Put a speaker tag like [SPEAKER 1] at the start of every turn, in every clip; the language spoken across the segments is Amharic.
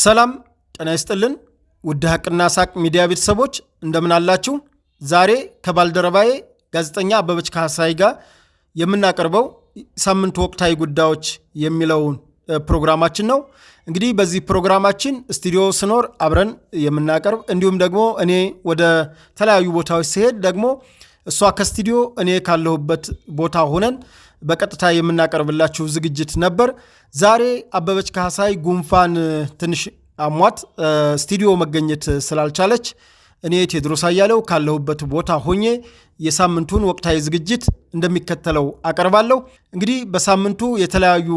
[SPEAKER 1] ሰላም ጤና ይስጥልን ውድ ሀቅና ሳቅ ሚዲያ ቤተሰቦች እንደምን አላችሁ? ዛሬ ከባልደረባዬ ጋዜጠኛ አበበች ካሳይ ጋር የምናቀርበው ሳምንቱ ወቅታዊ ጉዳዮች የሚለውን ፕሮግራማችን ነው። እንግዲህ በዚህ ፕሮግራማችን ስቱዲዮ ስኖር አብረን የምናቀርብ እንዲሁም ደግሞ እኔ ወደ ተለያዩ ቦታዎች ሲሄድ ደግሞ እሷ ከስቱዲዮ እኔ ካለሁበት ቦታ ሆነን በቀጥታ የምናቀርብላችሁ ዝግጅት ነበር። ዛሬ አበበች ካሳይ ጉንፋን ትንሽ አሟት ስቱዲዮ መገኘት ስላልቻለች እኔ ቴድሮስ አያለው ካለሁበት ቦታ ሆኜ የሳምንቱን ወቅታዊ ዝግጅት እንደሚከተለው አቀርባለሁ። እንግዲህ በሳምንቱ የተለያዩ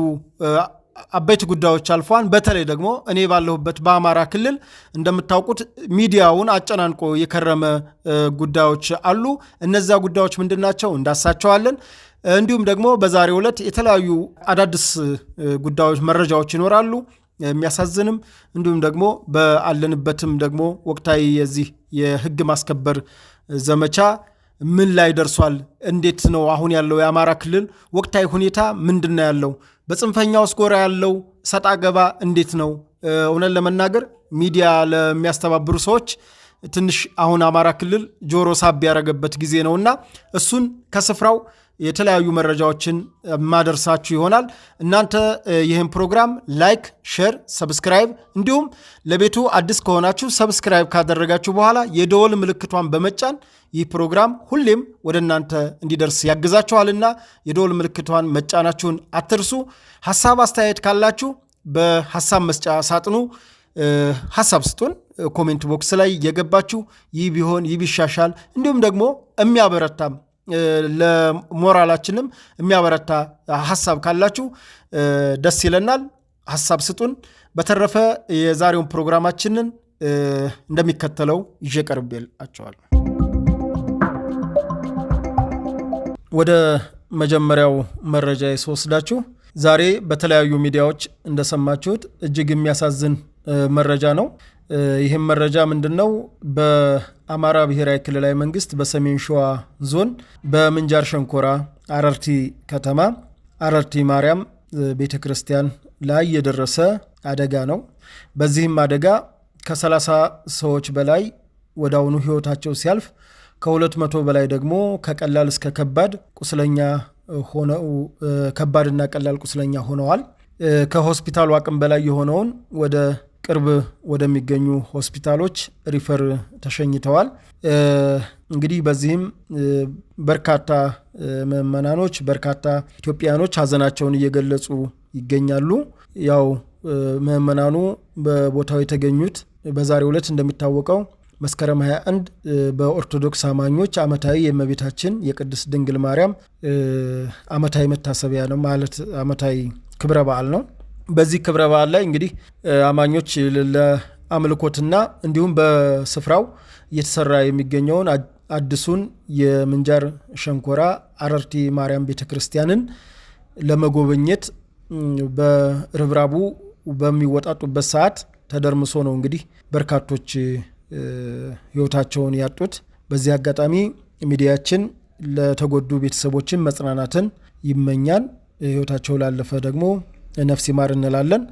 [SPEAKER 1] አበይት ጉዳዮች አልፏል በተለይ ደግሞ እኔ ባለሁበት በአማራ ክልል እንደምታውቁት ሚዲያውን አጨናንቆ የከረመ ጉዳዮች አሉ። እነዚያ ጉዳዮች ምንድን ናቸው? እንዳሳቸዋለን። እንዲሁም ደግሞ በዛሬው ዕለት የተለያዩ አዳዲስ ጉዳዮች፣ መረጃዎች ይኖራሉ የሚያሳዝንም እንዲሁም ደግሞ በአለንበትም ደግሞ ወቅታዊ የዚህ የህግ ማስከበር ዘመቻ ምን ላይ ደርሷል? እንዴት ነው አሁን ያለው የአማራ ክልል ወቅታዊ ሁኔታ ምንድን ነው ያለው በጽንፈኛው ስኮራ ያለው ሰጣ ገባ እንዴት ነው? እውነት ለመናገር ሚዲያ ለሚያስተባብሩ ሰዎች ትንሽ አሁን አማራ ክልል ጆሮ ሳብ ያደረገበት ጊዜ ነውና እሱን ከስፍራው የተለያዩ መረጃዎችን የማደርሳችሁ ይሆናል። እናንተ ይህን ፕሮግራም ላይክ፣ ሼር፣ ሰብስክራይብ እንዲሁም ለቤቱ አዲስ ከሆናችሁ ሰብስክራይብ ካደረጋችሁ በኋላ የደወል ምልክቷን በመጫን ይህ ፕሮግራም ሁሌም ወደ እናንተ እንዲደርስ ያግዛችኋልና የደወል ምልክቷን መጫናችሁን አትርሱ። ሀሳብ አስተያየት ካላችሁ በሀሳብ መስጫ ሳጥኑ ሀሳብ ስጡን። ኮሜንት ቦክስ ላይ የገባችሁ ይህ ቢሆን ይህ ቢሻሻል እንዲሁም ደግሞ የሚያበረታም ለሞራላችንም የሚያበረታ ሀሳብ ካላችሁ ደስ ይለናል። ሀሳብ ስጡን። በተረፈ የዛሬውን ፕሮግራማችንን እንደሚከተለው ይዤ ቀርቤላችኋለሁ። ወደ መጀመሪያው መረጃ የስወስዳችሁ ዛሬ በተለያዩ ሚዲያዎች እንደሰማችሁት እጅግ የሚያሳዝን መረጃ ነው። ይህም መረጃ ምንድን ነው? በአማራ ብሔራዊ ክልላዊ መንግስት በሰሜን ሸዋ ዞን በምንጃር ሸንኮራ አረርቲ ከተማ አረርቲ ማርያም ቤተ ክርስቲያን ላይ የደረሰ አደጋ ነው። በዚህም አደጋ ከ30 ሰዎች በላይ ወዲያውኑ ህይወታቸው ሲያልፍ ከ200 በላይ ደግሞ ከቀላል እስከ ከባድ ቁስለኛ ሆነው ከባድና ቀላል ቁስለኛ ሆነዋል። ከሆስፒታሉ አቅም በላይ የሆነውን ወደ ቅርብ ወደሚገኙ ሆስፒታሎች ሪፈር ተሸኝተዋል። እንግዲህ በዚህም በርካታ ምዕመናኖች በርካታ ኢትዮጵያኖች ሀዘናቸውን እየገለጹ ይገኛሉ። ያው ምዕመናኑ በቦታው የተገኙት በዛሬው ዕለት እንደሚታወቀው መስከረም 21 በኦርቶዶክስ አማኞች ዓመታዊ የእመቤታችን የቅድስት ድንግል ማርያም ዓመታዊ መታሰቢያ ነው ማለት ዓመታዊ ክብረ በዓል ነው። በዚህ ክብረ በዓል ላይ እንግዲህ አማኞች ለአምልኮትና እንዲሁም በስፍራው እየተሰራ የሚገኘውን አዲሱን የምንጃር ሸንኮራ አረርቲ ማርያም ቤተ ክርስቲያንን ለመጎበኘት በርብራቡ በሚወጣጡበት ሰዓት ተደርምሶ ነው እንግዲህ በርካቶች ሕይወታቸውን ያጡት። በዚህ አጋጣሚ ሚዲያችን ለተጎዱ ቤተሰቦችን መጽናናትን ይመኛል። ሕይወታቸው ላለፈ ደግሞ ነፍስ ይማር እንላለን።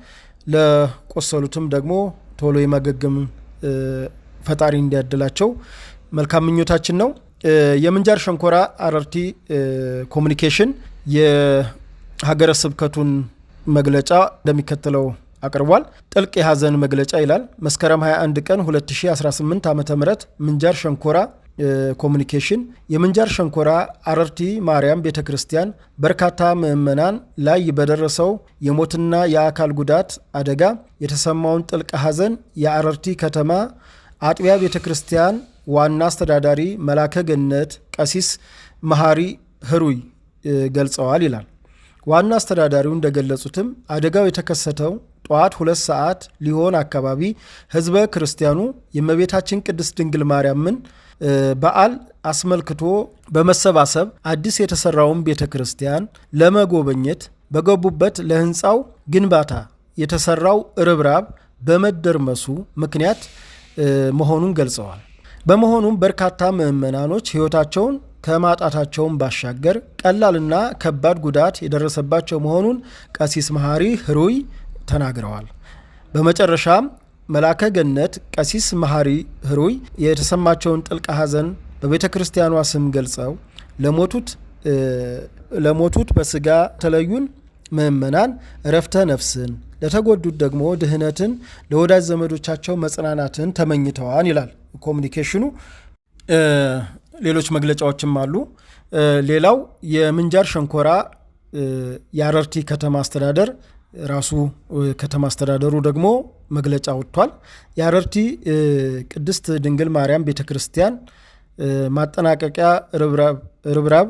[SPEAKER 1] ለቆሰሉትም ደግሞ ቶሎ የማገገም ፈጣሪ እንዲያድላቸው መልካም ምኞታችን ነው። የምንጃር ሸንኮራ አረርቲ ኮሚኒኬሽን የሀገረ ስብከቱን መግለጫ እንደሚከተለው አቅርቧል። ጥልቅ የሀዘን መግለጫ ይላል። መስከረም 21 ቀን 2018 ዓ ም ምንጃር ሸንኮራ ኮሚኒኬሽን የምንጃር ሸንኮራ አረርቲ ማርያም ቤተ ክርስቲያን በርካታ ምዕመናን ላይ በደረሰው የሞትና የአካል ጉዳት አደጋ የተሰማውን ጥልቅ ሐዘን የአረርቲ ከተማ አጥቢያ ቤተ ክርስቲያን ዋና አስተዳዳሪ መላከ ገነት ቀሲስ መሐሪ ህሩይ ገልጸዋል ይላል። ዋና አስተዳዳሪው እንደገለጹትም አደጋው የተከሰተው ጠዋት ሁለት ሰዓት ሊሆን አካባቢ ህዝበ ክርስቲያኑ የእመቤታችን ቅድስት ድንግል ማርያምን በዓል አስመልክቶ በመሰባሰብ አዲስ የተሰራውን ቤተ ክርስቲያን ለመጎበኘት በገቡበት ለህንፃው ግንባታ የተሰራው ርብራብ በመደርመሱ ምክንያት መሆኑን ገልጸዋል። በመሆኑም በርካታ ምዕመናኖች ህይወታቸውን ከማጣታቸውን ባሻገር ቀላልና ከባድ ጉዳት የደረሰባቸው መሆኑን ቀሲስ መሐሪ ህሩይ ተናግረዋል። በመጨረሻም መላከ ገነት ቀሲስ መሐሪ ህሩይ የተሰማቸውን ጥልቅ ሐዘን በቤተ ክርስቲያኗ ስም ገልጸው ለሞቱት ለሞቱት በስጋ ተለዩን ምእመናን እረፍተ ነፍስን ለተጎዱት ደግሞ ድህነትን ለወዳጅ ዘመዶቻቸው መጽናናትን ተመኝተዋል ይላል ኮሚኒኬሽኑ። ሌሎች መግለጫዎችም አሉ። ሌላው የምንጃር ሸንኮራ የአረርቲ ከተማ አስተዳደር ራሱ ከተማ አስተዳደሩ ደግሞ መግለጫ ወጥቷል። የአረርቲ ቅድስት ድንግል ማርያም ቤተ ክርስቲያን ማጠናቀቂያ ርብራብ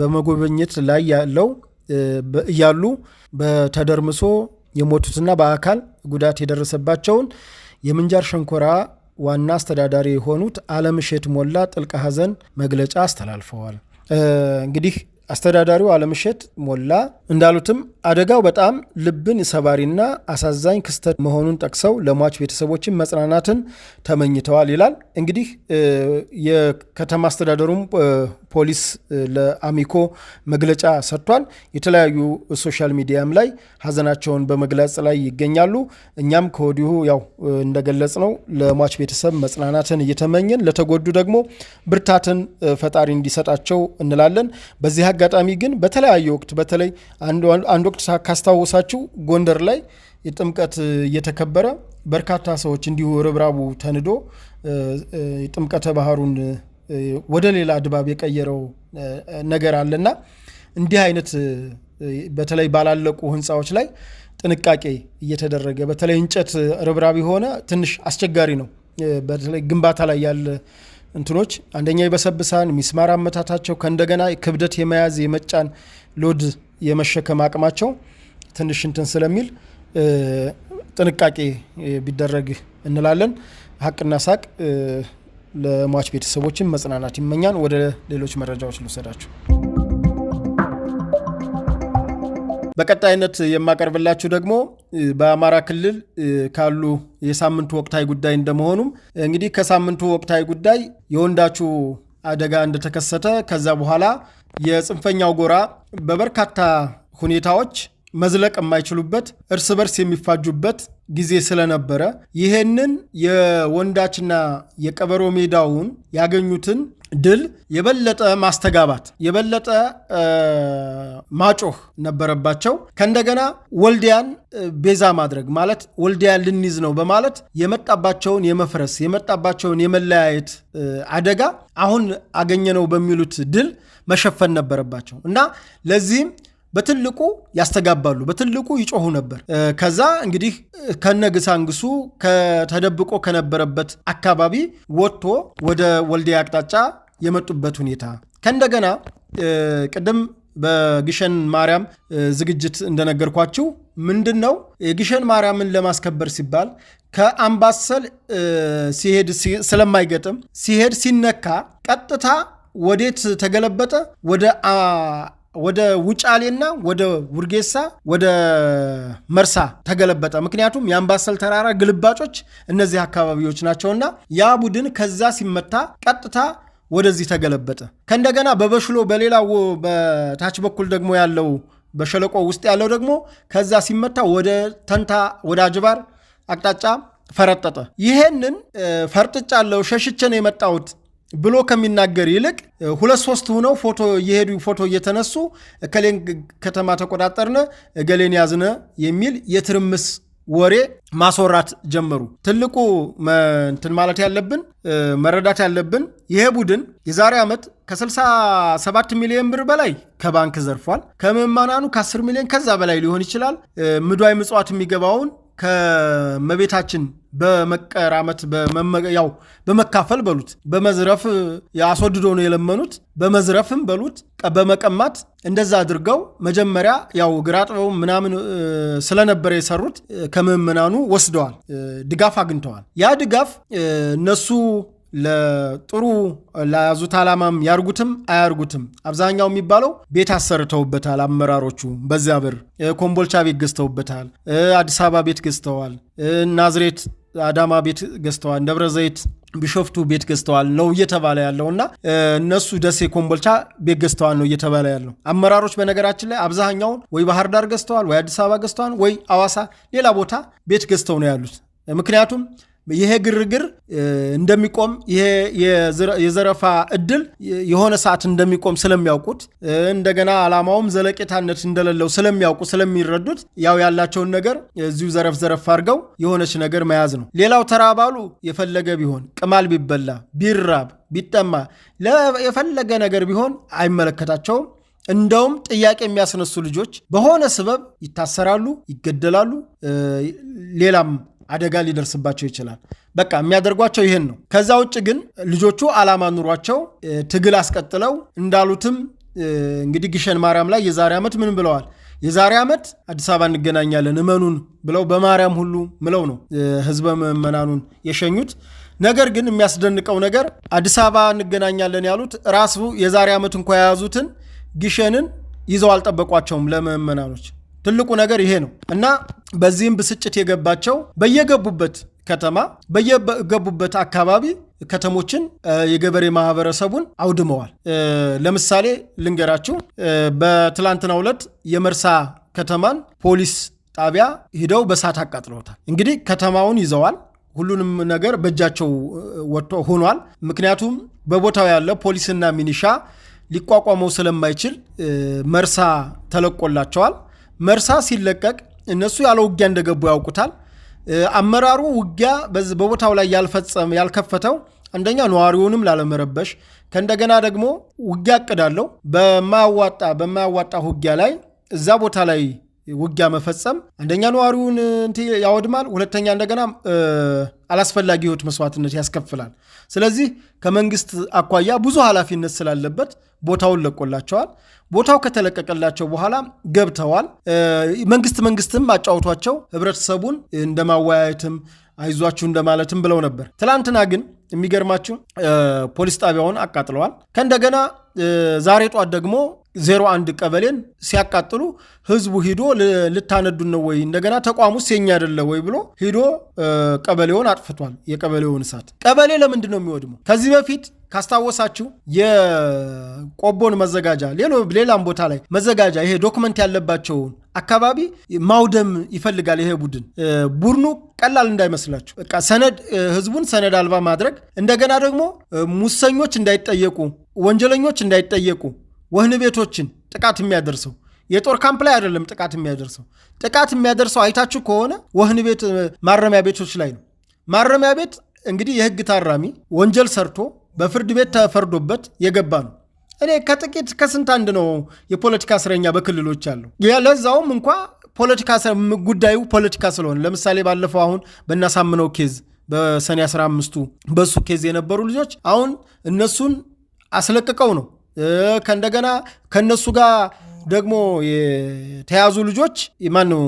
[SPEAKER 1] በመጎበኘት ላይ ያለው እያሉ በተደርምሶ የሞቱትና በአካል ጉዳት የደረሰባቸውን የምንጃር ሸንኮራ ዋና አስተዳዳሪ የሆኑት አለምሸት ሞላ ጥልቅ ሐዘን መግለጫ አስተላልፈዋል። እንግዲህ አስተዳዳሪው አለምሸት ሞላ እንዳሉትም አደጋው በጣም ልብን ሰባሪና አሳዛኝ ክስተት መሆኑን ጠቅሰው ለሟች ቤተሰቦችን መጽናናትን ተመኝተዋል ይላል። እንግዲህ የከተማ አስተዳደሩም ፖሊስ ለአሚኮ መግለጫ ሰጥቷል። የተለያዩ ሶሻል ሚዲያም ላይ ሀዘናቸውን በመግለጽ ላይ ይገኛሉ። እኛም ከወዲሁ ያው እንደገለጽ ነው ለሟች ቤተሰብ መጽናናትን እየተመኘን ለተጎዱ ደግሞ ብርታትን ፈጣሪ እንዲሰጣቸው እንላለን። በዚህ አጋጣሚ ግን በተለያየ ወቅት በተለይ አንድ ወቅት ካስታወሳችሁ ጎንደር ላይ የጥምቀት እየተከበረ በርካታ ሰዎች እንዲሁ ርብራቡ ተንዶ ጥምቀተ ባህሩን ወደ ሌላ ድባብ የቀየረው ነገር አለና እንዲህ አይነት በተለይ ባላለቁ ህንፃዎች ላይ ጥንቃቄ እየተደረገ በተለይ እንጨት ርብራቢ ሆነ ትንሽ አስቸጋሪ ነው። በተለይ ግንባታ ላይ ያለ እንትኖች አንደኛ ይበሰብሳን፣ ሚስማር አመታታቸው ከእንደገና ክብደት የመያዝ የመጫን ሎድ የመሸከም አቅማቸው ትንሽ እንትን ስለሚል ጥንቃቄ ቢደረግ እንላለን። ሀቅና ሳቅ ለሟች ቤተሰቦችን መጽናናት ይመኛል። ወደ ሌሎች መረጃዎች ልውሰዳችሁ። በቀጣይነት የማቀርብላችሁ ደግሞ በአማራ ክልል ካሉ የሳምንቱ ወቅታዊ ጉዳይ እንደመሆኑም እንግዲህ ከሳምንቱ ወቅታዊ ጉዳይ የወንዳችሁ አደጋ እንደተከሰተ ከዛ በኋላ የጽንፈኛው ጎራ በበርካታ ሁኔታዎች መዝለቅ የማይችሉበት እርስ በርስ የሚፋጁበት ጊዜ ስለነበረ ይሄንን የወንዳችና የቀበሮ ሜዳውን ያገኙትን ድል የበለጠ ማስተጋባት የበለጠ ማጮህ ነበረባቸው። ከእንደገና ወልዲያን ቤዛ ማድረግ ማለት ወልዲያን ልንይዝ ነው በማለት የመጣባቸውን የመፍረስ የመጣባቸውን የመለያየት አደጋ አሁን አገኘነው በሚሉት ድል መሸፈን ነበረባቸው እና ለዚህም በትልቁ ያስተጋባሉ፣ በትልቁ ይጮሁ ነበር። ከዛ እንግዲህ ከነግሳንግሱ ተደብቆ ከነበረበት አካባቢ ወጥቶ ወደ ወልዲያ አቅጣጫ የመጡበት ሁኔታ ከእንደገና ቅድም በግሸን ማርያም ዝግጅት እንደነገርኳችሁ ምንድን ነው የግሸን ማርያምን ለማስከበር ሲባል ከአምባሰል ሲሄድ ስለማይገጥም ሲሄድ ሲነካ ቀጥታ ወዴት ተገለበጠ? ወደ ወደ ውጫሌና ወደ ውርጌሳ ወደ መርሳ ተገለበጠ። ምክንያቱም የአምባሰል ተራራ ግልባጮች እነዚህ አካባቢዎች ናቸውና ያ ቡድን ከዛ ሲመታ ቀጥታ ወደዚህ ተገለበጠ። ከእንደገና በበሽሎ በሌላው በታች በኩል ደግሞ ያለው በሸለቆ ውስጥ ያለው ደግሞ ከዛ ሲመታ ወደ ተንታ ወደ አጅባር አቅጣጫ ፈረጠጠ። ይሄንን ፈርጥጫ አለው ሸሽቼ ነው የመጣሁት ብሎ ከሚናገር ይልቅ ሁለት ሶስት ሁነው ፎቶ እየሄዱ ፎቶ እየተነሱ እከሌን ከተማ ተቆጣጠርነ እገሌን ያዝነ የሚል የትርምስ ወሬ ማስወራት ጀመሩ። ትልቁ እንትን ማለት ያለብን መረዳት ያለብን ይሄ ቡድን የዛሬ ዓመት ከ67 ሚሊዮን ብር በላይ ከባንክ ዘርፏል። ከምዕመናኑ ከ10 ሚሊዮን ከዛ በላይ ሊሆን ይችላል። ምዷይ ምጽዋት የሚገባውን ከመቤታችን በመቀራመት ያው በመካፈል በሉት በመዝረፍ አስወድዶ ነው የለመኑት። በመዝረፍም በሉት በመቀማት እንደዛ አድርገው መጀመሪያ ያው ግራ ጥበው ምናምን ስለነበረ የሰሩት ከምዕመናኑ ወስደዋል፣ ድጋፍ አግኝተዋል። ያ ድጋፍ እነሱ ለጥሩ ለያዙት ዓላማም ያርጉትም አያርጉትም አብዛኛው የሚባለው ቤት አሰርተውበታል። አመራሮቹ በዚያ ብር ኮምቦልቻ ቤት ገዝተውበታል። አዲስ አበባ ቤት ገዝተዋል። ናዝሬት አዳማ ቤት ገዝተዋል። ደብረ ዘይት ቢሾፍቱ ቤት ገዝተዋል ነው እየተባለ ያለው እና እነሱ ደሴ ኮምቦልቻ ቤት ገዝተዋል ነው እየተባለ ያለው። አመራሮች በነገራችን ላይ አብዛኛውን ወይ ባህር ዳር ገዝተዋል፣ ወይ አዲስ አበባ ገዝተዋል፣ ወይ አዋሳ ሌላ ቦታ ቤት ገዝተው ነው ያሉት ምክንያቱም ይሄ ግርግር እንደሚቆም ይሄ የዘረፋ እድል የሆነ ሰዓት እንደሚቆም ስለሚያውቁት እንደገና ዓላማውም ዘለቄታነት እንደሌለው ስለሚያውቁ ስለሚረዱት ያው ያላቸውን ነገር እዚሁ ዘረፍ ዘረፍ አድርገው የሆነች ነገር መያዝ ነው። ሌላው ተራባሉ የፈለገ ቢሆን ቅማል ቢበላ ቢራብ ቢጠማ የፈለገ ነገር ቢሆን አይመለከታቸውም። እንደውም ጥያቄ የሚያስነሱ ልጆች በሆነ ስበብ ይታሰራሉ፣ ይገደላሉ ሌላም አደጋ ሊደርስባቸው ይችላል። በቃ የሚያደርጓቸው ይህን ነው። ከዛ ውጭ ግን ልጆቹ አላማ ኑሯቸው ትግል አስቀጥለው እንዳሉትም እንግዲህ ግሸን ማርያም ላይ የዛሬ ዓመት ምን ብለዋል? የዛሬ ዓመት አዲስ አበባ እንገናኛለን እመኑን ብለው በማርያም ሁሉ ምለው ነው ህዝበ ምዕመናኑን የሸኙት። ነገር ግን የሚያስደንቀው ነገር አዲስ አበባ እንገናኛለን ያሉት ራሱ የዛሬ ዓመት እንኳ የያዙትን ግሸንን ይዘው አልጠበቋቸውም ለምዕመናኖች ትልቁ ነገር ይሄ ነው እና በዚህም ብስጭት የገባቸው በየገቡበት ከተማ በየገቡበት አካባቢ ከተሞችን የገበሬ ማህበረሰቡን አውድመዋል። ለምሳሌ ልንገራችሁ። በትላንትናው ዕለት የመርሳ ከተማን ፖሊስ ጣቢያ ሂደው በሳት አቃጥለውታል። እንግዲህ ከተማውን ይዘዋል። ሁሉንም ነገር በእጃቸው ወጥቶ ሆኗል። ምክንያቱም በቦታው ያለ ፖሊስና ሚኒሻ ሊቋቋመው ስለማይችል መርሳ ተለቆላቸዋል። መርሳ ሲለቀቅ እነሱ ያለ ውጊያ እንደገቡ ያውቁታል። አመራሩ ውጊያ በቦታው ላይ ያልከፈተው አንደኛ ነዋሪውንም ላለመረበሽ ከእንደገና ደግሞ ውጊያ አቅዳለው በማያዋጣ በማያዋጣ ውጊያ ላይ እዛ ቦታ ላይ ውጊያ መፈጸም አንደኛ ነዋሪውን ያወድማል፣ ሁለተኛ እንደገና አላስፈላጊ ህይወት መስዋዕትነት ያስከፍላል። ስለዚህ ከመንግስት አኳያ ብዙ ኃላፊነት ስላለበት ቦታውን ለቆላቸዋል። ቦታው ከተለቀቀላቸው በኋላ ገብተዋል። መንግስት መንግስትም አጫውቷቸው ህብረተሰቡን እንደማወያየትም አይዟችሁ እንደማለትም ብለው ነበር። ትላንትና ግን የሚገርማችሁ ፖሊስ ጣቢያውን አቃጥለዋል። ከእንደገና ዛሬ ጧት ደግሞ ዜሮ አንድ ቀበሌን ሲያቃጥሉ ህዝቡ ሂዶ ልታነዱን ነው ወይ እንደገና ተቋሙ ውስጥ የኛ አይደለ ወይ ብሎ ሂዶ ቀበሌውን አጥፍቷል። የቀበሌውን እሳት ቀበሌ ለምንድን ነው የሚወድመው? ከዚህ በፊት ካስታወሳችሁ የቆቦን መዘጋጃ ሌላም ቦታ ላይ መዘጋጃ ይሄ ዶክመንት ያለባቸውን አካባቢ ማውደም ይፈልጋል ይሄ ቡድን። ቡድኑ ቀላል እንዳይመስላችሁ፣ በቃ ሰነድ ህዝቡን ሰነድ አልባ ማድረግ እንደገና ደግሞ ሙሰኞች እንዳይጠየቁ፣ ወንጀለኞች እንዳይጠየቁ ወህኒ ቤቶችን ጥቃት የሚያደርሰው የጦር ካምፕ ላይ አይደለም። ጥቃት የሚያደርሰው ጥቃት የሚያደርሰው አይታችሁ ከሆነ ወህኒ ቤት ማረሚያ ቤቶች ላይ ነው። ማረሚያ ቤት እንግዲህ የህግ ታራሚ ወንጀል ሰርቶ በፍርድ ቤት ተፈርዶበት የገባ ነው። እኔ ከጥቂት ከስንት አንድ ነው የፖለቲካ እስረኛ በክልሎች ያለው ለዛውም እንኳ ፖለቲካ ጉዳዩ ፖለቲካ ስለሆነ ለምሳሌ ባለፈው አሁን በእናሳምነው ኬዝ በሰኔ 15ቱ በሱ ኬዝ የነበሩ ልጆች አሁን እነሱን አስለቅቀው ነው ከእንደገና ከእነሱ ጋር ደግሞ የተያዙ ልጆች ማን ነው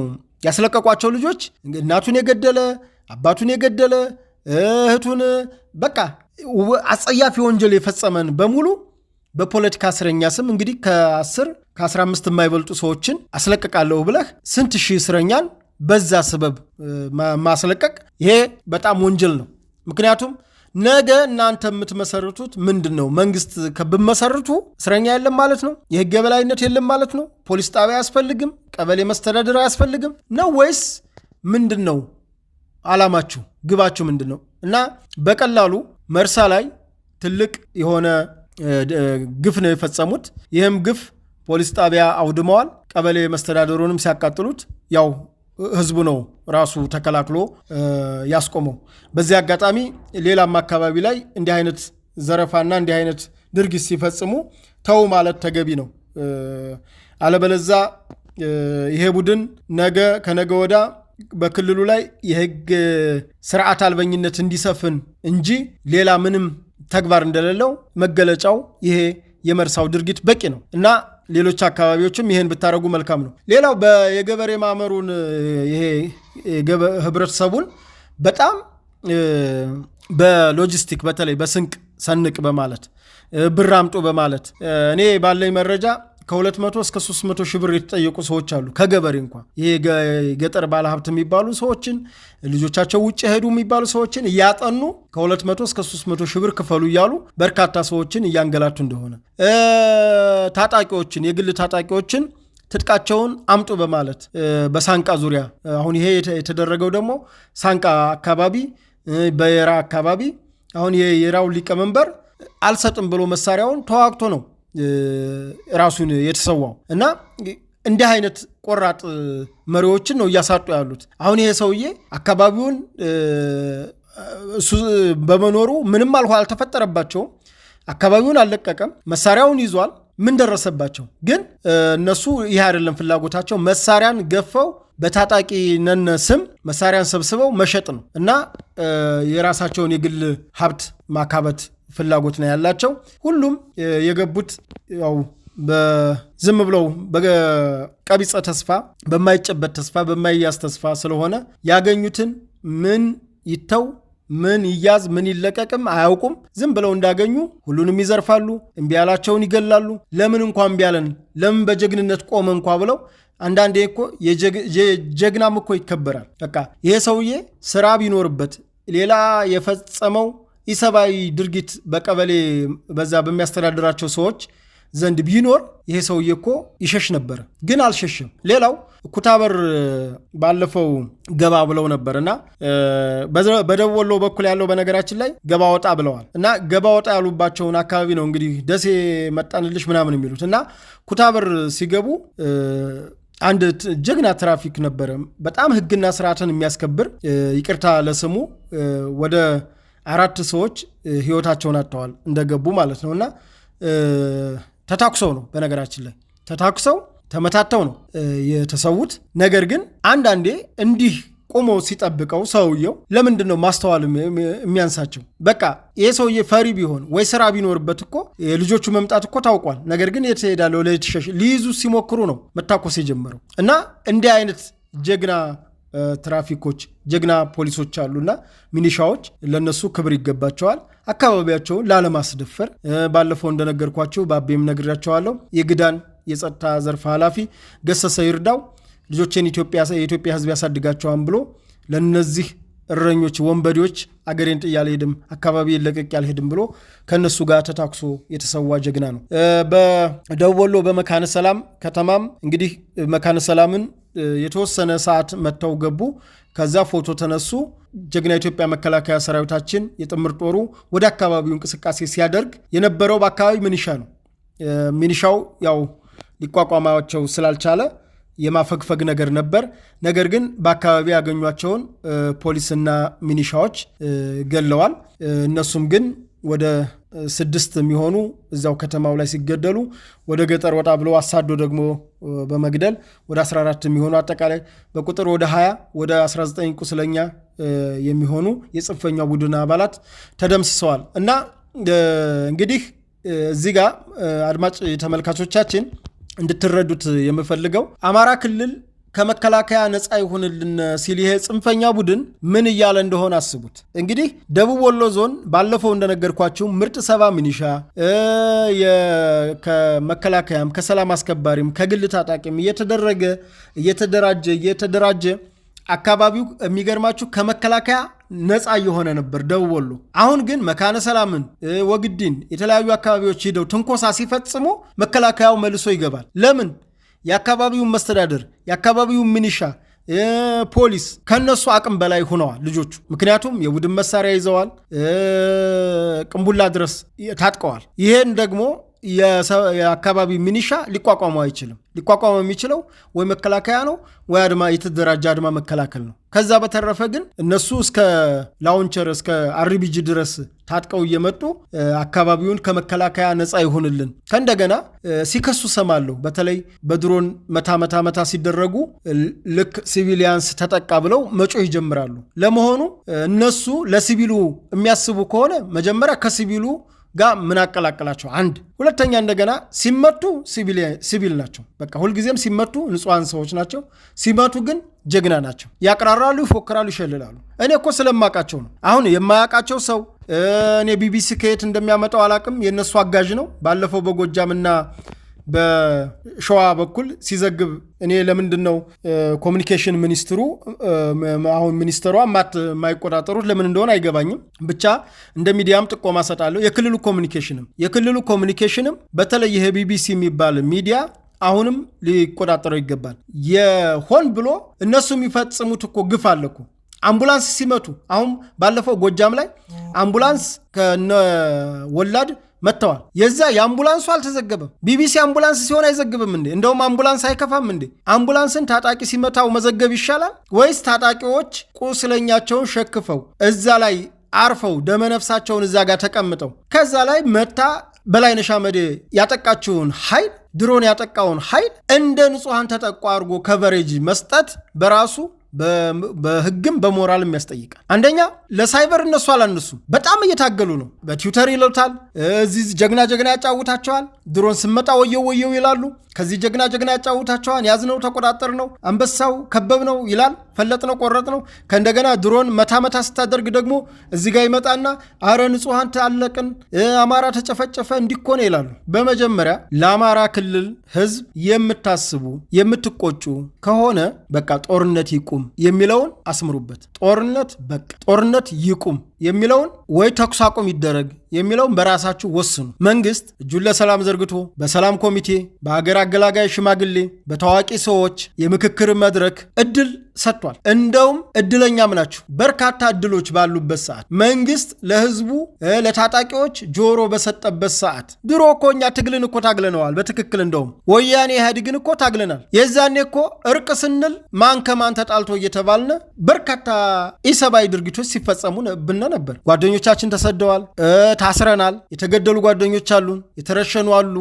[SPEAKER 1] ያስለቀቋቸው ልጆች እናቱን የገደለ አባቱን የገደለ እህቱን በቃ አጸያፊ ወንጀል የፈጸመን በሙሉ በፖለቲካ እስረኛ ስም እንግዲህ ከ ከአስራ ከ15 የማይበልጡ ሰዎችን አስለቀቃለሁ ብለህ ስንት ሺህ እስረኛን በዛ ስበብ ማስለቀቅ ይሄ በጣም ወንጀል ነው። ምክንያቱም ነገ እናንተ የምትመሰርቱት ምንድን ነው? መንግስት ብመሰርቱ እስረኛ የለም ማለት ነው? የህግ የበላይነት የለም ማለት ነው? ፖሊስ ጣቢያ አያስፈልግም? ቀበሌ መስተዳደር አያስፈልግም ነው ወይስ ምንድን ነው አላማችሁ? ግባችሁ ምንድን ነው? እና በቀላሉ መርሳ ላይ ትልቅ የሆነ ግፍ ነው የፈጸሙት። ይህም ግፍ ፖሊስ ጣቢያ አውድመዋል። ቀበሌ መስተዳደሩንም ሲያቃጥሉት ያው ህዝቡ ነው ራሱ ተከላክሎ ያስቆመው። በዚህ አጋጣሚ ሌላም አካባቢ ላይ እንዲህ አይነት ዘረፋና እንዲህ አይነት ድርጊት ሲፈጽሙ ተው ማለት ተገቢ ነው። አለበለዛ ይሄ ቡድን ነገ ከነገ ወዳ በክልሉ ላይ የህግ ስርዓት አልበኝነት እንዲሰፍን እንጂ ሌላ ምንም ተግባር እንደሌለው መገለጫው ይሄ የመርሳው ድርጊት በቂ ነው እና ሌሎች አካባቢዎችም ይሄን ብታደረጉ መልካም ነው። ሌላው የገበሬ ማህበሩን ይሄ ህብረተሰቡን በጣም በሎጂስቲክ በተለይ በስንቅ ሰንቅ በማለት ብር አምጡ በማለት እኔ ባለኝ መረጃ ከ200 እስከ 300 ሺህ ብር የተጠየቁ ሰዎች አሉ። ከገበሬ እንኳ ይህ የገጠር ባለሀብት የሚባሉ ሰዎችን ልጆቻቸው ውጭ ሄዱ የሚባሉ ሰዎችን እያጠኑ ከ200 እስከ 300 ሺህ ብር ክፈሉ እያሉ በርካታ ሰዎችን እያንገላቱ እንደሆነ ታጣቂዎችን፣ የግል ታጣቂዎችን ትጥቃቸውን አምጡ በማለት በሳንቃ ዙሪያ አሁን ይሄ የተደረገው ደግሞ ሳንቃ አካባቢ በየራ አካባቢ አሁን የየራው ሊቀመንበር አልሰጥም ብሎ መሳሪያውን ተዋግቶ ነው ራሱን የተሰዋው እና እንዲህ አይነት ቆራጥ መሪዎችን ነው እያሳጡ ያሉት። አሁን ይሄ ሰውዬ አካባቢውን እሱ በመኖሩ ምንም አልሆ አልተፈጠረባቸውም። አካባቢውን አልለቀቀም። መሳሪያውን ይዟል። ምን ደረሰባቸው? ግን እነሱ ይህ አይደለም ፍላጎታቸው። መሳሪያን ገፈው በታጣቂ ነነ ስም መሳሪያን ሰብስበው መሸጥ ነው እና የራሳቸውን የግል ሀብት ማካበት ፍላጎት ነው ያላቸው። ሁሉም የገቡት ያው ዝም ብለው በቀቢፀ ተስፋ በማይጨበት ተስፋ በማይያዝ ተስፋ ስለሆነ ያገኙትን ምን ይተው ምን ይያዝ ምን ይለቀቅም አያውቁም። ዝም ብለው እንዳገኙ ሁሉንም ይዘርፋሉ፣ እምቢ ያላቸውን ይገላሉ። ለምን እንኳ እምቢ ለምን በጀግንነት ቆመ እንኳ ብለው አንዳንዴ እኮ ጀግናም እኮ ይከበራል። በቃ ይሄ ሰውዬ ስራ ቢኖርበት ሌላ የፈጸመው ኢሰብአዊ ድርጊት በቀበሌ በዛ በሚያስተዳድራቸው ሰዎች ዘንድ ቢኖር ይሄ ሰውዬ እኮ ይሸሽ ነበር፣ ግን አልሸሽም። ሌላው ኩታበር ባለፈው ገባ ብለው ነበር እና በደቡብ ወሎ በኩል ያለው በነገራችን ላይ ገባ ወጣ ብለዋል እና ገባ ወጣ ያሉባቸውን አካባቢ ነው እንግዲህ ደሴ መጣንልሽ ምናምን የሚሉት እና ኩታበር ሲገቡ አንድ ጀግና ትራፊክ ነበረ፣ በጣም ህግና ስርዓትን የሚያስከብር ይቅርታ ለስሙ ወደ አራት ሰዎች ህይወታቸውን አጥተዋል እንደገቡ ማለት ነው እና ተታኩሰው ነው በነገራችን ላይ ተታኩሰው ተመታተው ነው የተሰዉት። ነገር ግን አንዳንዴ እንዲህ ቆሞ ሲጠብቀው ሰውየው ለምንድን ነው ማስተዋል የሚያንሳቸው? በቃ ይህ ሰውዬ ፈሪ ቢሆን ወይ ስራ ቢኖርበት እኮ የልጆቹ መምጣት እኮ ታውቋል። ነገር ግን የት እሄዳለሁ ሊይዙ ሲሞክሩ ነው መታኮስ የጀመረው እና እንዲህ አይነት ጀግና ትራፊኮች ጀግና ፖሊሶች አሉና ሚኒሻዎች ለነሱ ክብር ይገባቸዋል። አካባቢያቸውን ላለማስደፈር ባለፈው እንደነገርኳቸው በአቤም ነግሬያቸዋለሁ። የግዳን የጸጥታ ዘርፍ ኃላፊ ገሰሰ ይርዳው ልጆችን የኢትዮጵያ ሕዝብ ያሳድጋቸዋን ብሎ ለነዚህ እረኞች ወንበዴዎች አገሬን ጥዬ አልሄድም፣ አካባቢ ለቀቅ ያልሄድም ብሎ ከነሱ ጋር ተታኩሶ የተሰዋ ጀግና ነው። በደቡብ ወሎ በመካነ ሰላም ከተማም እንግዲህ መካነ ሰላምን የተወሰነ ሰዓት መጥተው ገቡ። ከዛ ፎቶ ተነሱ። ጀግና ኢትዮጵያ መከላከያ ሰራዊታችን የጥምር ጦሩ ወደ አካባቢው እንቅስቃሴ ሲያደርግ የነበረው በአካባቢ ሚኒሻ ነው። ሚኒሻው ያው ሊቋቋማቸው ስላልቻለ የማፈግፈግ ነገር ነበር። ነገር ግን በአካባቢ ያገኟቸውን ፖሊስና ሚኒሻዎች ገለዋል። እነሱም ግን ወደ ስድስት የሚሆኑ እዚያው ከተማው ላይ ሲገደሉ ወደ ገጠር ወጣ ብሎ አሳዶ ደግሞ በመግደል ወደ 14 የሚሆኑ አጠቃላይ በቁጥር ወደ 20 ወደ 19 ቁስለኛ የሚሆኑ የጽንፈኛው ቡድን አባላት ተደምስሰዋል። እና እንግዲህ እዚህ ጋር አድማጭ ተመልካቾቻችን እንድትረዱት የምፈልገው አማራ ክልል ከመከላከያ ነፃ ይሁንልን ሲል ይሄ ጽንፈኛ ቡድን ምን እያለ እንደሆነ አስቡት። እንግዲህ ደቡብ ወሎ ዞን ባለፈው እንደነገርኳችሁ ምርጥ ሰባ ሚኒሻ ከመከላከያም ከሰላም አስከባሪም ከግል ታጣቂም እየተደረገ እየተደራጀ እየተደራጀ አካባቢው የሚገርማችሁ ከመከላከያ ነፃ እየሆነ ነበር ደቡብ ወሎ። አሁን ግን መካነ ሰላምን፣ ወግዲን የተለያዩ አካባቢዎች ሂደው ትንኮሳ ሲፈጽሙ መከላከያው መልሶ ይገባል። ለምን? የአካባቢውን መስተዳደር፣ የአካባቢውን ሚኒሻ፣ ፖሊስ ከነሱ አቅም በላይ ሆነዋል ልጆቹ። ምክንያቱም የቡድን መሳሪያ ይዘዋል፣ ቅንቡላ ድረስ ታጥቀዋል። ይሄን ደግሞ የአካባቢ ሚኒሻ ሊቋቋሙ አይችልም። ሊቋቋም የሚችለው ወይ መከላከያ ነው ወይ አድማ የተደራጀ አድማ መከላከል ነው። ከዛ በተረፈ ግን እነሱ እስከ ላውንቸር እስከ አርቢጂ ድረስ ታጥቀው እየመጡ አካባቢውን ከመከላከያ ነፃ ይሆንልን ከእንደገና ሲከሱ ሰማለሁ። በተለይ በድሮን መታ መታ መታ ሲደረጉ ልክ ሲቪሊያንስ ተጠቃ ብለው መጮህ ይጀምራሉ። ለመሆኑ እነሱ ለሲቪሉ የሚያስቡ ከሆነ መጀመሪያ ከሲቪሉ ጋር ምን አቀላቀላቸው? አንድ ሁለተኛ፣ እንደገና ሲመቱ ሲቪል ናቸው። በቃ ሁልጊዜም ሲመቱ ንጹሐን ሰዎች ናቸው። ሲመቱ ግን ጀግና ናቸው። ያቅራራሉ፣ ይፎክራሉ፣ ይሸልላሉ። እኔ እኮ ስለማውቃቸው ነው። አሁን የማያውቃቸው ሰው እኔ ቢቢሲ ከየት እንደሚያመጣው አላቅም። የእነሱ አጋዥ ነው። ባለፈው በጎጃምና በሸዋ በኩል ሲዘግብ እኔ ለምንድን ነው ኮሚኒኬሽን ሚኒስትሩ አሁን ሚኒስትሯ ማት የማይቆጣጠሩት ለምን እንደሆነ አይገባኝም። ብቻ እንደ ሚዲያም ጥቆማ ሰጣለሁ። የክልሉ ኮሚኒኬሽንም የክልሉ ኮሚኒኬሽንም በተለይ ይሄ ቢቢሲ የሚባል ሚዲያ አሁንም ሊቆጣጠረው ይገባል። የሆን ብሎ እነሱ የሚፈጽሙት እኮ ግፍ አለ እኮ አምቡላንስ ሲመቱ አሁን ባለፈው ጎጃም ላይ አምቡላንስ ከነ ወላድ መጥተዋል። የዛ የአምቡላንሱ አልተዘገበም። ቢቢሲ አምቡላንስ ሲሆን አይዘግብም እንዴ? እንደውም አምቡላንስ አይከፋም እንዴ? አምቡላንስን ታጣቂ ሲመታው መዘገብ ይሻላል ወይስ ታጣቂዎች ቁስለኛቸውን ሸክፈው እዛ ላይ አርፈው ደመነፍሳቸውን እዛ ጋር ተቀምጠው ከዛ ላይ መታ በላይነሽ አመዴ ያጠቃችውን ኃይል ድሮን ያጠቃውን ኃይል እንደ ንጹሐን ተጠቋ አድርጎ ከቨሬጅ መስጠት በራሱ በህግም በሞራልም ያስጠይቃል። አንደኛ ለሳይበር እነሱ አላነሱም፣ በጣም እየታገሉ ነው። በትዊተር ይለታል እዚህ ጀግና ጀግና ያጫውታቸዋል። ድሮን ስመጣ ወየው ወየው ይላሉ። ከዚህ ጀግና ጀግና ያጫውታቸዋል። ያዝነው፣ ተቆጣጠር ነው፣ አንበሳው ከበብ ነው ይላል። ፈለጥ ነው ቆረጥ ነው። ከእንደገና ድሮን መታ መታ ስታደርግ ደግሞ እዚህ ጋር ይመጣና አረ ንጹሐን ታለቅን፣ አማራ ተጨፈጨፈ እንዲኮነ ይላሉ። በመጀመሪያ ለአማራ ክልል ህዝብ የምታስቡ የምትቆጩ ከሆነ በቃ ጦርነት ይቁም የሚለውን አስምሩበት። ጦርነት በቃ ጦርነት ይቁም። የሚለውን ወይ ተኩስ አቁም ይደረግ የሚለውን በራሳችሁ ወስኑ። መንግስት እጁን ለሰላም ዘርግቶ በሰላም ኮሚቴ፣ በሀገር አገላጋይ ሽማግሌ፣ በታዋቂ ሰዎች የምክክር መድረክ እድል ሰጥቷል። እንደውም እድለኛም ናችሁ። በርካታ እድሎች ባሉበት ሰዓት መንግስት ለህዝቡ ለታጣቂዎች ጆሮ በሰጠበት ሰዓት ድሮ እኮ እኛ ትግልን እኮ ታግለነዋል። በትክክል እንደውም ወያኔ ኢህአዲግን እኮ ታግለናል። የዛኔ እኮ እርቅ ስንል ማን ከማን ተጣልቶ እየተባልነ በርካታ ኢሰብአዊ ድርጊቶች ሲፈጸሙ ብነ ነበር። ጓደኞቻችን ተሰደዋል፣ ታስረናል፣ የተገደሉ ጓደኞች አሉን፣ የተረሸኑ አሉ።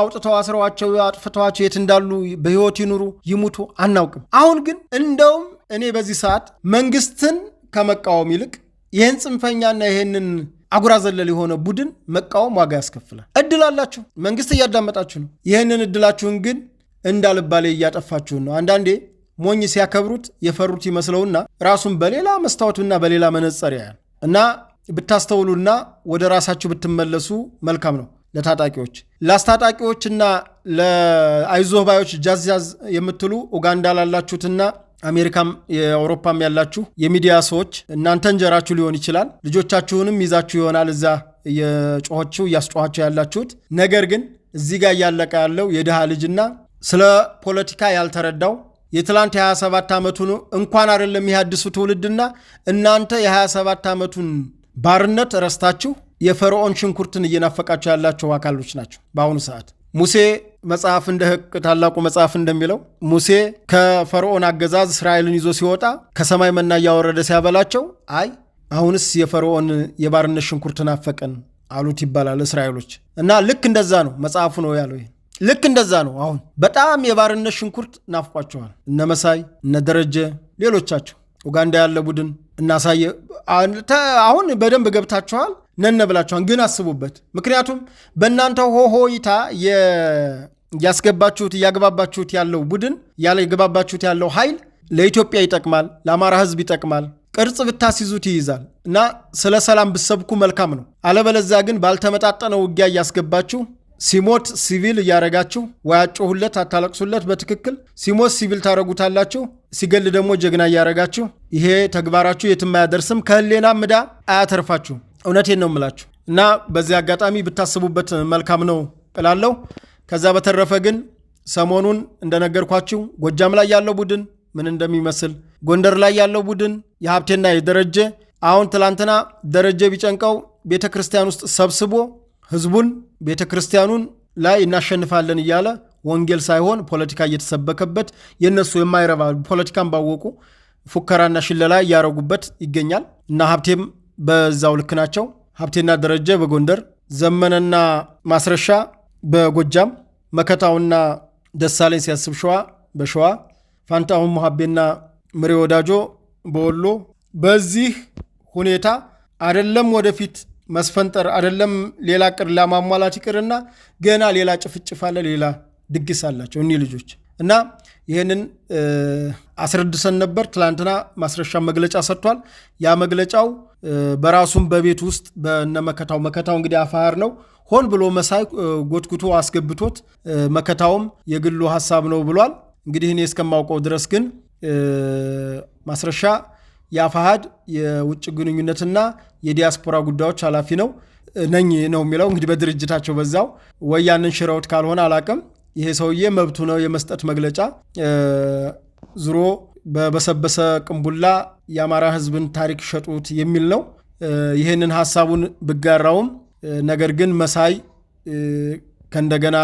[SPEAKER 1] አውጥተው አስረዋቸው አጥፍተዋቸው የት እንዳሉ በህይወት ይኑሩ ይሙቱ አናውቅም። አሁን ግን እንደውም እኔ በዚህ ሰዓት መንግስትን ከመቃወም ይልቅ ይህን ጽንፈኛና ይህንን አጉራ ዘለል የሆነ ቡድን መቃወም ዋጋ ያስከፍላል። እድል አላችሁ፣ መንግስት እያዳመጣችሁ ነው። ይህንን እድላችሁን ግን እንዳልባሌ እያጠፋችሁን ነው። አንዳንዴ ሞኝ ሲያከብሩት የፈሩት ይመስለውና ራሱን በሌላ መስታወትና በሌላ መነጸር ያያል። እና ብታስተውሉና ወደ ራሳችሁ ብትመለሱ መልካም ነው። ለታጣቂዎች ላስታጣቂዎችና ለአይዞባዮች ባዮች የምትሉ ኡጋንዳ ላላችሁትና አሜሪካም የአውሮፓም ያላችሁ የሚዲያ ሰዎች እናንተ እንጀራችሁ ሊሆን ይችላል። ልጆቻችሁንም ይዛችሁ ይሆናል እዛ እየጮኋችሁ እያስጮኋችሁ ያላችሁት። ነገር ግን እዚህ ጋር እያለቀ ያለው የድሃ ልጅና ስለ ፖለቲካ ያልተረዳው የትላንት የ27 ነው። እንኳን አይደለም የሚያድሱ ትውልድና እናንተ የ27 ዓመቱን ባርነት ረስታችሁ የፈርዖን ሽንኩርትን እየናፈቃችሁ ያላቸው አካሎች ናቸው። በአሁኑ ሰዓት ሙሴ መጽሐፍ እንደ ሕግ ታላቁ መጽሐፍ እንደሚለው ሙሴ ከፈርዖን አገዛዝ እስራኤልን ይዞ ሲወጣ ከሰማይ መና እያወረደ ሲያበላቸው፣ አይ አሁንስ የፈርዖን የባርነት ሽንኩርት ናፈቀን አሉት ይባላል እስራኤሎች። እና ልክ እንደዛ ነው መጽሐፉ ነው ያለው። ልክ እንደዛ ነው። አሁን በጣም የባርነት ሽንኩርት ናፍቋቸዋል። እነ መሳይ፣ እነ ደረጀ፣ ሌሎቻቸው ኡጋንዳ ያለ ቡድን እናሳየ አሁን በደንብ ገብታችኋል ነነ ብላችኋል። ግን አስቡበት። ምክንያቱም በእናንተ ሆሆይታ ያስገባችሁት እያግባባችሁት ያለው ቡድን ያግባባችሁት ያለው ኃይል ለኢትዮጵያ ይጠቅማል፣ ለአማራ ህዝብ ይጠቅማል። ቅርጽ ብታስይዙት ይይዛል እና ስለ ሰላም ብሰብኩ መልካም ነው። አለበለዚያ ግን ባልተመጣጠነ ውጊያ እያስገባችሁ ሲሞት ሲቪል እያረጋችሁ ወይ አጮሁለት አታለቅሱለት። በትክክል ሲሞት ሲቪል ታረጉታላችሁ፣ ሲገል ደግሞ ጀግና እያረጋችሁ ይሄ ተግባራችሁ የትም አያደርስም፣ ከህሌና ምዳ አያተርፋችሁ። እውነቴን ነው የምላችሁ እና በዚህ አጋጣሚ ብታስቡበት መልካም ነው እላለሁ። ከዛ በተረፈ ግን ሰሞኑን እንደነገርኳችሁ ጎጃም ላይ ያለው ቡድን ምን እንደሚመስል ጎንደር ላይ ያለው ቡድን የሀብቴና የደረጀ አሁን ትላንትና ደረጀ ቢጨንቀው ቤተ ክርስቲያን ውስጥ ሰብስቦ ህዝቡን ቤተ ክርስቲያኑን ላይ እናሸንፋለን እያለ ወንጌል ሳይሆን ፖለቲካ እየተሰበከበት የእነሱ የማይረባ ፖለቲካን ባወቁ ፉከራና ሽለላ እያረጉበት ይገኛል እና ሀብቴም በዛው ልክ ናቸው። ሀብቴና ደረጀ በጎንደር ዘመነና ማስረሻ በጎጃም መከታውና ደሳለኝ ሲያስብ ሸዋ በሸዋ ፋንታሁን ሙሀቤና ምሬ ወዳጆ በወሎ በዚህ ሁኔታ አይደለም ወደፊት መስፈንጠር አይደለም ሌላ ቅር ለማሟላት ይቅርና ገና ሌላ ጭፍጭፍ አለ፣ ሌላ ድግስ አላቸው እኒህ ልጆች እና ይህንን አስረድሰን ነበር። ትላንትና ማስረሻ መግለጫ ሰጥቷል። ያ መግለጫው በራሱም በቤት ውስጥ በነመከታው መከታው እንግዲህ አፋር ነው ሆን ብሎ መሳይ ጎትጉቶ አስገብቶት መከታውም የግሉ ሀሳብ ነው ብሏል። እንግዲህ እኔ እስከማውቀው ድረስ ግን ማስረሻ የአፋሃድ የውጭ ግንኙነትና የዲያስፖራ ጉዳዮች ኃላፊ ነው ነኝ ነው የሚለው እንግዲህ በድርጅታቸው በዛው ወይ ያንን ሽረውት ካልሆነ አላቅም። ይሄ ሰውዬ መብቱ ነው የመስጠት መግለጫ ዙሮ በበሰበሰ ቅንቡላ የአማራ ህዝብን ታሪክ ሸጡት የሚል ነው። ይህንን ሀሳቡን ብጋራውም ነገር ግን መሳይ ከእንደገና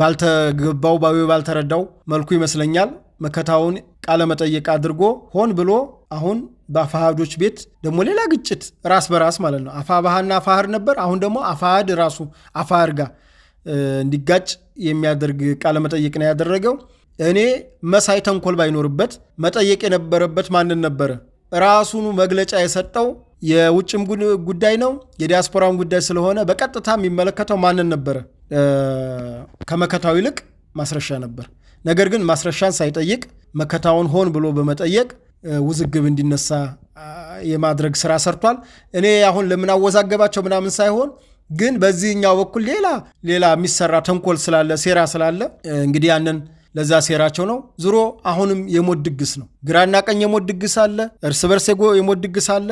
[SPEAKER 1] ባልተገባው ባዊ ባልተረዳው መልኩ ይመስለኛል መከታውን ቃለመጠየቅ አድርጎ ሆን ብሎ አሁን በአፋሃዶች ቤት ደግሞ ሌላ ግጭት ራስ በራስ ማለት ነው። አፋባሃና አፋህር ነበር። አሁን ደግሞ አፋሃድ ራሱ አፋህር ጋር እንዲጋጭ የሚያደርግ ቃለመጠየቅ ነው ያደረገው። እኔ መሳይ ተንኮል ባይኖርበት መጠየቅ የነበረበት ማንን ነበረ? ራሱኑ መግለጫ የሰጠው የውጭም ጉዳይ ነው የዲያስፖራም ጉዳይ ስለሆነ በቀጥታ የሚመለከተው ማንን ነበረ? ከመከታው ይልቅ ማስረሻ ነበር። ነገር ግን ማስረሻን ሳይጠይቅ መከታውን ሆን ብሎ በመጠየቅ ውዝግብ እንዲነሳ የማድረግ ስራ ሰርቷል። እኔ አሁን ለምናወዛገባቸው ምናምን ሳይሆን ግን በዚህኛው በኩል ሌላ ሌላ የሚሰራ ተንኮል ስላለ ሴራ ስላለ እንግዲህ ያንን ለዛ ሴራቸው ነው። ዞሮ አሁንም የሞት ድግስ ነው። ግራና ቀኝ የሞት ድግስ አለ። እርስ በርስ የሞት ድግስ አለ።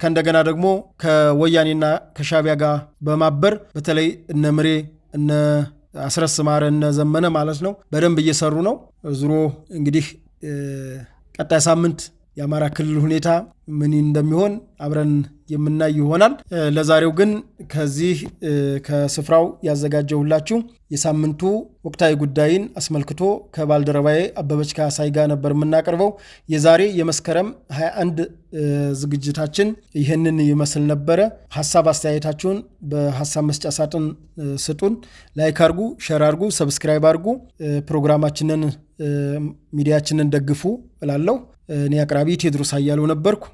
[SPEAKER 1] ከእንደገና ደግሞ ከወያኔና ከሻቢያ ጋር በማበር በተለይ እነ ምሬ እነ አስረስ ማረ ዘመነ ማለት ነው በደንብ እየሰሩ ነው። ዙሮ እንግዲህ ቀጣይ ሳምንት የአማራ ክልል ሁኔታ ምን እንደሚሆን አብረን የምናይ ይሆናል። ለዛሬው ግን ከዚህ ከስፍራው ያዘጋጀሁላችሁ የሳምንቱ ወቅታዊ ጉዳይን አስመልክቶ ከባልደረባዬ አበበች ካሳይ ጋር ነበር የምናቀርበው። የዛሬ የመስከረም 21 ዝግጅታችን ይህንን ይመስል ነበረ። ሀሳብ አስተያየታችሁን በሀሳብ መስጫ ሳጥን ስጡን። ላይክ አርጉ፣ ሸር አርጉ፣ ሰብስክራይብ አርጉ። ፕሮግራማችንን ሚዲያችንን ደግፉ እላለሁ። እኔ አቅራቢ ቴድሮስ አያሌው ነበርኩ።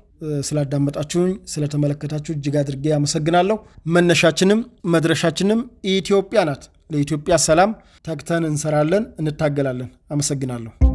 [SPEAKER 1] ስላዳመጣችሁኝ ስለተመለከታችሁ እጅግ አድርጌ አመሰግናለሁ። መነሻችንም መድረሻችንም ኢትዮጵያ ናት። ለኢትዮጵያ ሰላም ተግተን እንሰራለን፣ እንታገላለን። አመሰግናለሁ።